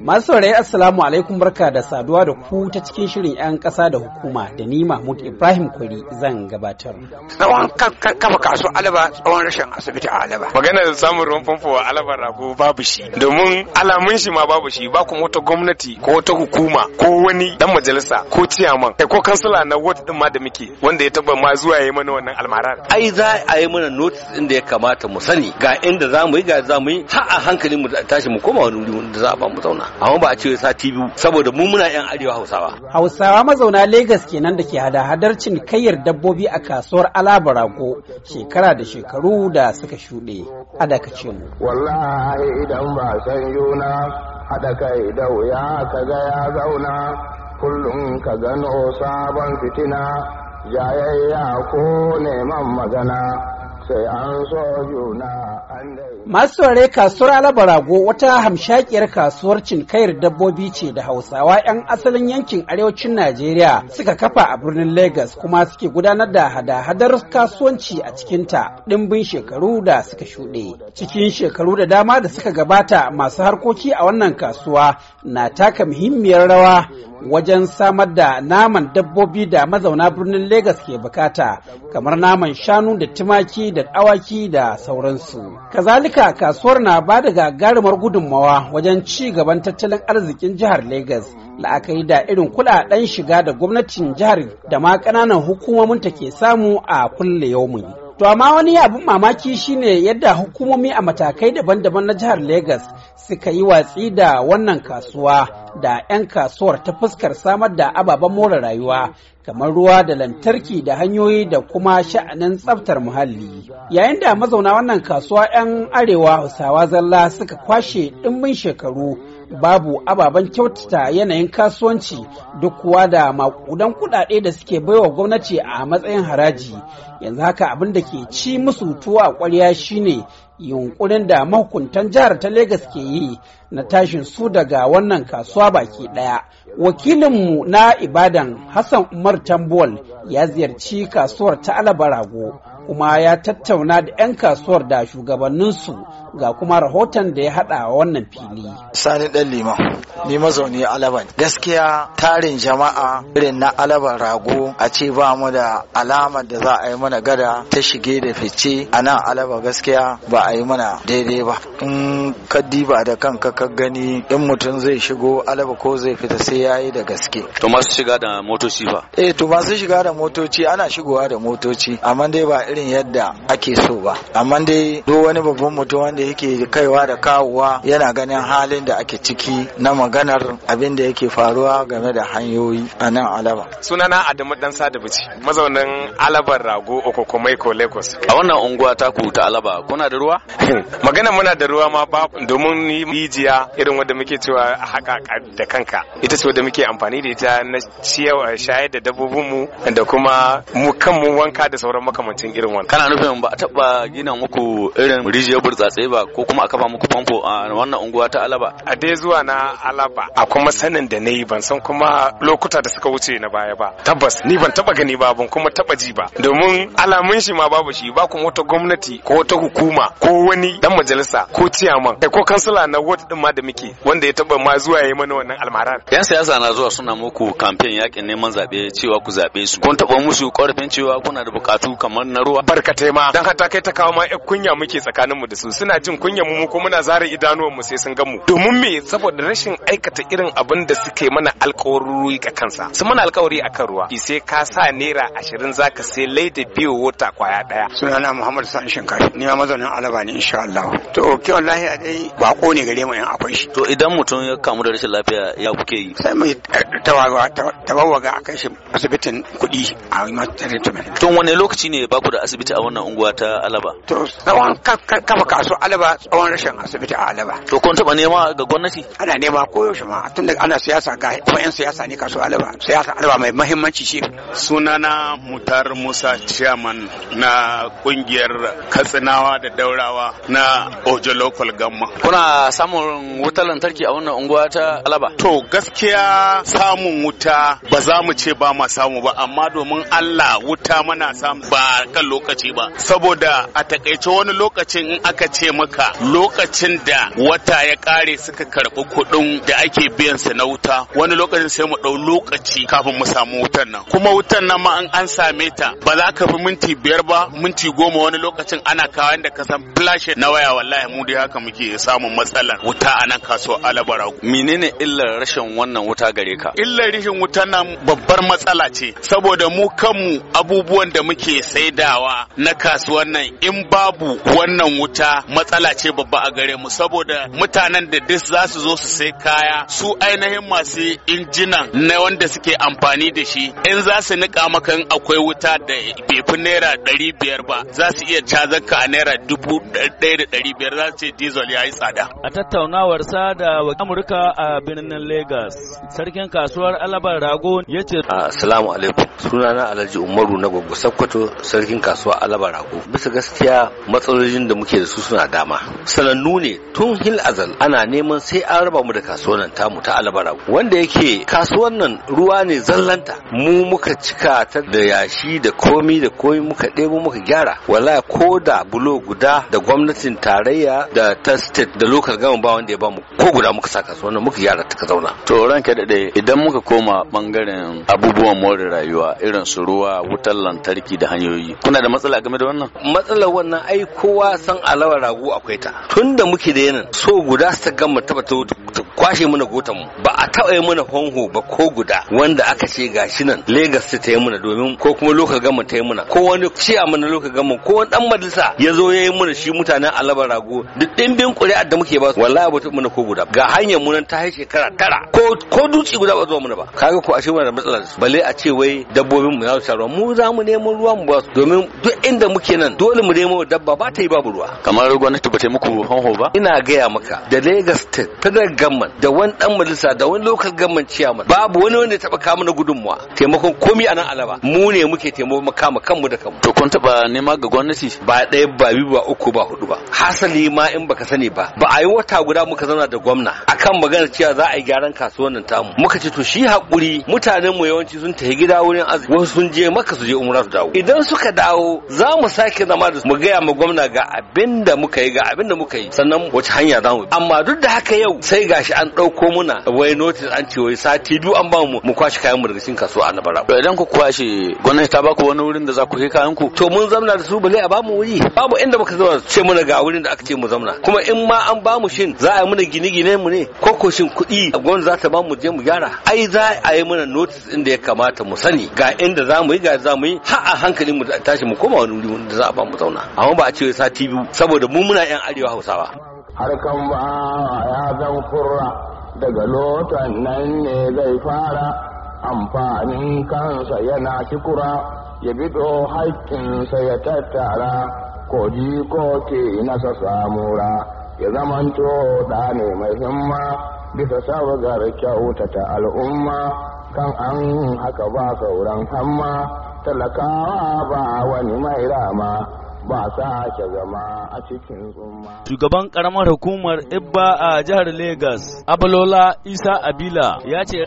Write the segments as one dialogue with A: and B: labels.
A: Masu saurayi Assalamu alaikum barka da saduwa da ku ta cikin shirin 'yan ƙasa da hukuma da ni Mahmud Ibrahim Kwari zan gabatar. Tsawon
B: kama kasu alaba tsawon rashin asibiti a alaba. Magana da samun ruwan famfo a alaba rago babu shi domin alamun shi ma babu shi ba kuma wata gwamnati ko wata hukuma ko wani dan majalisa ko ciyaman kai eh, ko kansila na wata din ma da muke wanda ya taba ma zuwa yayi mana wannan almarar. Ai za a yi mana notice inda ya kamata mu sani
C: ga inda za mu yi ga za mu yi hankali mu tashi mu koma wani wuri da za a ba mu zauna amma ba a ce sati biyu saboda mu muna yan arewa hausawa
A: hausawa mazauna Legas kenan da ke hada-hadar kayyar dabbobi a kasuwar Alabarago shekara da shekaru da suka shuɗe
D: a dakace mu wallahi idan ba san yuna haɗa kai da wuya kaga ya zauna kullum ka gano sabon fitina jayayya ko neman magana
A: Masu kasuwar Alabarago wata hamshakiyar kasuwar cinkayar dabbobi ce da Hausawa 'yan asalin yankin arewacin Najeriya suka kafa a birnin Legas kuma suke gudanar da hada-hadar kasuwanci a cikinta ɗimbin shekaru da suka shuɗe. Cikin shekaru da dama da suka gabata masu harkoki a wannan kasuwa na taka muhimmiyar rawa wajen samar da naman dabbobi da mazauna birnin Legas ke bukata kamar naman shanu da tumaki da awaki da sauransu. Kazalika kasuwar na ba da gagarumar gudunmawa wajen ci gaban tattalin arzikin jihar Legas. la'akai da irin kuɗaɗen shiga da gwamnatin jihar da ma ƙananan hukumomin ta ke samu a kulle yaumi. To amma wani abin mamaki shine yadda hukumomi a matakai daban-daban na jihar Legas suka yi watsi da wannan kasuwa da 'yan kasuwar ta fuskar samar da ababen more rayuwa kamar ruwa da lantarki da hanyoyi da kuma sha'anin tsaftar muhalli. Yayin da mazauna wannan kasuwa 'yan arewa Hausawa zalla suka kwashe ɗimbin shekaru babu ababen kyautata yanayin kasuwanci duk kuwa da makudan kuɗaɗe da suke baiwa gwamnati a matsayin haraji yanzu haka abin da ke ci musu tuwa a ƙwarya shine yunkurin da mahukuntan jihar ta Legas ke yi na tashin su daga wannan kasuwa baki ɗaya. Wakilinmu na Ibadan Hassan Umar Tambol ya ziyarci kasuwar ta Alabarago kuma ya tattauna da 'yan kasuwar da shugabanninsu ga kuma rahoton da ya hada wannan fili. Sani dan liman, ni mazauni Alaban. Gaskiya tarin jama'a irin na Alaban rago a ce ba mu da alama da za a yi mana gada ta shige da fice a nan Alaba gaskiya ba a yi mana daidai ba. In ka diba da kanka ka gani in mutum zai shigo Alaba ko zai fita sai ya yi da gaske.
E: To masu shiga da motoci ba?
A: Eh to masu shiga da motoci ana shigowa da motoci amma dai ba irin yadda ake so ba. Amma dai duk wani babban mutum wanda yake kaiwa da kawowa yana ganin halin da ake ciki na maganar abin da yake faruwa game da hanyoyi a nan alaba
B: sunana adamu dan sadabici mazaunin alabar rago okokomai ko lagos a wannan unguwa ta ku ta alaba kuna da ruwa hmm, magana muna da ruwa ma ba domin rijiya irin wanda muke cewa haka da kanka ita ce wanda muke amfani da ita na ciyawa shayar da dabbobin mu da kuma mu kanmu wanka da sauran makamancin irin wannan kana nufin
E: ba a taba gina muku irin rijiyar burtsatse ba zuwa ko kuma a ba muku famfo a wannan unguwa ta alaba a dai zuwa na alaba
B: a kuma sanin da na yi ban san kuma lokuta da suka wuce na baya ba tabbas ni ban taba gani ba ban kuma taba ji ba domin alamun shi ma babu shi ba kuma wata gwamnati ko wata hukuma ko wani dan majalisa ko ciyaman ko kansila na ward din ma da muke wanda ya taba ma zuwa yayi mana wannan almaran
E: yan siyasa na zuwa suna muku campaign yakin neman zabe cewa ku zabe su kun taba musu
B: korafin cewa kuna da bukatu kamar na ruwa barkatai ma dan hatta kai ta kawo ma kunya muke tsakaninmu da su suna muna jin kunyar mu ko muna zara idanuwan mu sai sun ga mu domin me saboda rashin aikata irin abin da suke mana alkawaruri ga kansa su mana alkawari akan ruwa sai ka sa naira ashirin zaka sai laida biyu wata kwaya daya
C: sunana muhammad sani shinkafi ni ma mazanin alaba ne insha Allah to
A: wallahi a dai
E: bako ne gare mu in akwai shi to idan mutum ya kamu da rashin lafiya ya kuke yi sai mu tawaga tawaga
A: a kai shi asibitin
E: kuɗi a yi mata treatment to wani lokaci ne ba ku da asibiti a wannan unguwa ta alaba
C: to tsawon kafa kaso. alaba tsawon rashin asibiti a alaba to kun taba nema ga gwamnati ana nema koyaushe ma tun daga ana siyasa ga kuma yan siyasa ne kaso alaba siyasa
F: alaba mai mahimmanci ce sunana mutar musa chairman na kungiyar katsinawa da daurawa na ojo local gamma kuna samun wutar lantarki a wannan unguwa ta alaba to gaskiya samun wuta ba za mu ce ba ma samu ba amma domin allah wuta mana samu ba kan lokaci ba saboda a takaice wani lokacin in aka ce maka lokacin da wata ya kare suka karɓi kuɗin da ake biyan sa na wuta wani lokacin sai mu ɗau lokaci kafin mu samu wutan nan kuma wutan nan ma an same ta ba za ka fi minti biyar ba minti goma wani lokacin ana kawo da ka san lashe na waya wallahi mu dai haka muke samun matsala wuta a nan kaso alabara menene illar rashin wannan wuta gare ka illar rashin wuta nan babbar matsala ce saboda mu kanmu abubuwan da muke saidawa na kasuwan nan in babu wannan wuta matsala ce babba a gare mu saboda mutanen da duk za su zo su sai kaya su ainihin masu injinan na wanda suke amfani da shi in za su niƙa maka akwai wuta da bai fi naira ɗari biyar ba za su iya cazaka a naira dubu 1,500 za su ce diesel ya yi tsada.
E: A tattaunawar sa da Amurka a birnin Lagos, sarkin kasuwar Alabar Rago ya ce.
C: Assalamu alaikum. Suna na Alhaji Umaru na Gwaggo Sakkoto sarkin kasuwar Alabar Rago. Bisa gaskiya matsalolin da muke da su suna dama. Sanannu ne tun hil azal ana neman sai an raba mu da kasuwar nan tamu ta Alabar Rago. Wanda yake kasuwar nan ruwa ne zallanta. Mu muka cika ta da yashi da komi da komi muka ɗebo muka gyara. Wala ko da bulo guda da gwamnatin tarayya da ta state da local government ba wanda ya mu ko guda muka saka su wannan muka yara ta zauna to
E: ranka dade idan muka koma bangaren abubuwan more rayuwa irin su ruwa wutar
C: lantarki da hanyoyi kuna da matsala game da wannan matsalar wannan ai kowa san alawar rago akwai ta tunda muke da yanin so guda su ta gama taba ta kwashe mana gotan mu ba a taɓa yi mana honho ba ko guda wanda aka ce shi nan Legas ta yi mana domin ko kuma lokacin gama ta yi mana ko wani ce a mana lokacin gama ko wani dan majalisa ya zo ya yi mana shi mutanen Alaba Rago duk dimbin a da muke ba su wallahi ba ta mana ko guda ga hanyar mu nan ta yi shekara tara ko ko guda ba zuwa mana ba kaga ko a ashe mana da su balle a ce wai dabbobin mu za su ruwa mu za mu neman ruwa mu ba su domin duk inda muke nan dole mu nemo dabba ba ta yi babu ruwa kamar gwamnati ba ta muku honho ba ina gaya maka da Lagos State federal government chairman da wani dan majalisa da wani local government chairman babu wani wanda ya taba kawo mana gudunmuwa taimakon komi a nan alaba mu ne muke taimako kama kanmu da kanmu to kun taba nema ga gwamnati ba ɗaya ba biyu ba uku ba hudu ba hasali ma in baka sani ba ba a yi wata guda muka zauna da gwamna akan maganar cewa za a yi gyaran kasuwannin tamu muka ce to shi hakuri mutanen mu yawanci sun tafi gida wurin azumi wasu sun je maka su je umra su dawo idan suka dawo za mu sake zama da mu gaya ma gwamna ga abinda muka yi ga abinda muka yi sannan wace hanya za mu amma duk da haka yau sai gashi an ɗauko muna wai notice an ce wai sati biyu an ba mu mu kwashe kayan mu daga cikin kasuwa a nabara. Idan ku kwashe gwamnati ta baku wani wurin da za ku kai kayan ku. To mun zamna da su bale a bamu wuri. Babu inda muka zauna ce muna ga wurin da aka ce mu zamna. Kuma in ma an bamu shin za a yi muna gine-gine mu ne ko ko shin kuɗi gwamnati za ta mu je mu gyara. Ai za a yi mana notice inda ya kamata mu sani ga inda za mu yi ga za mu yi ha a hankali mu tashi mu koma wani wuri da za a bamu zauna. Amma ba a ce sati biyu saboda mu muna 'yan arewa
D: Hausawa. har kan ba ya zan kurra daga lotan nan ne zai fara amfanin kansa yana kikura ya bido haƙƙinsa ya tattara ko ko ke nasa samura ya zamanto da ne mai himma bisa sabgar kyautata al'umma kan an haka ba sauran hamma talakawa ba wani mai rama ba sa ake zama a cikin tsumma.
E: Shugaban karamar hukumar Ibba a jihar Legas, Abalola Isa Abila ya ce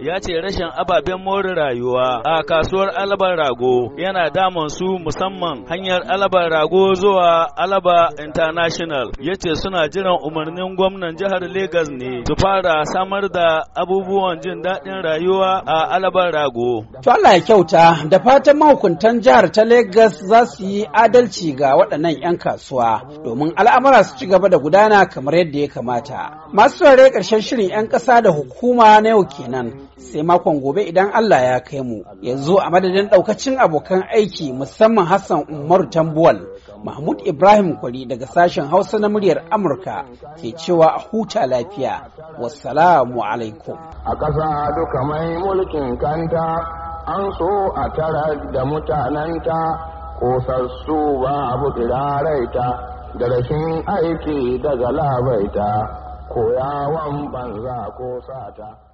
E: Ya ce rashin ababen more rayuwa a kasuwar Alabar Rago yana damun su musamman hanyar Alabar Rago zuwa Alaba International. Ya ce suna jiran umarnin gwamnan jihar Legas ne su fara samar da abubuwan jin daɗin rayuwa a Alabar Rago.
A: To Allah ya kyauta da fatan mahukuntan jihar ta Legas za su yi adalci ga waɗannan 'yan kasuwa domin al'amura su ci gaba da gudana kamar kamar yadda ya kamata. Masu saurare ƙarshen shirin 'yan ƙasa da hukuma na yau kenan sai makon gobe idan Allah ya kai mu. Yanzu a madadin ɗaukacin abokan aiki musamman Hassan Umaru Tambuwal, Mahmud Ibrahim Kwari daga sashen Hausa na muryar Amurka ke cewa a huta lafiya. Wassalamu alaikum.
D: A ƙasa duka mai mulkin kanta an so a tara da mutanenta, ko sassu ba abu tsiraraita. da rashin aiki daga labaita koyawan banza ko sata.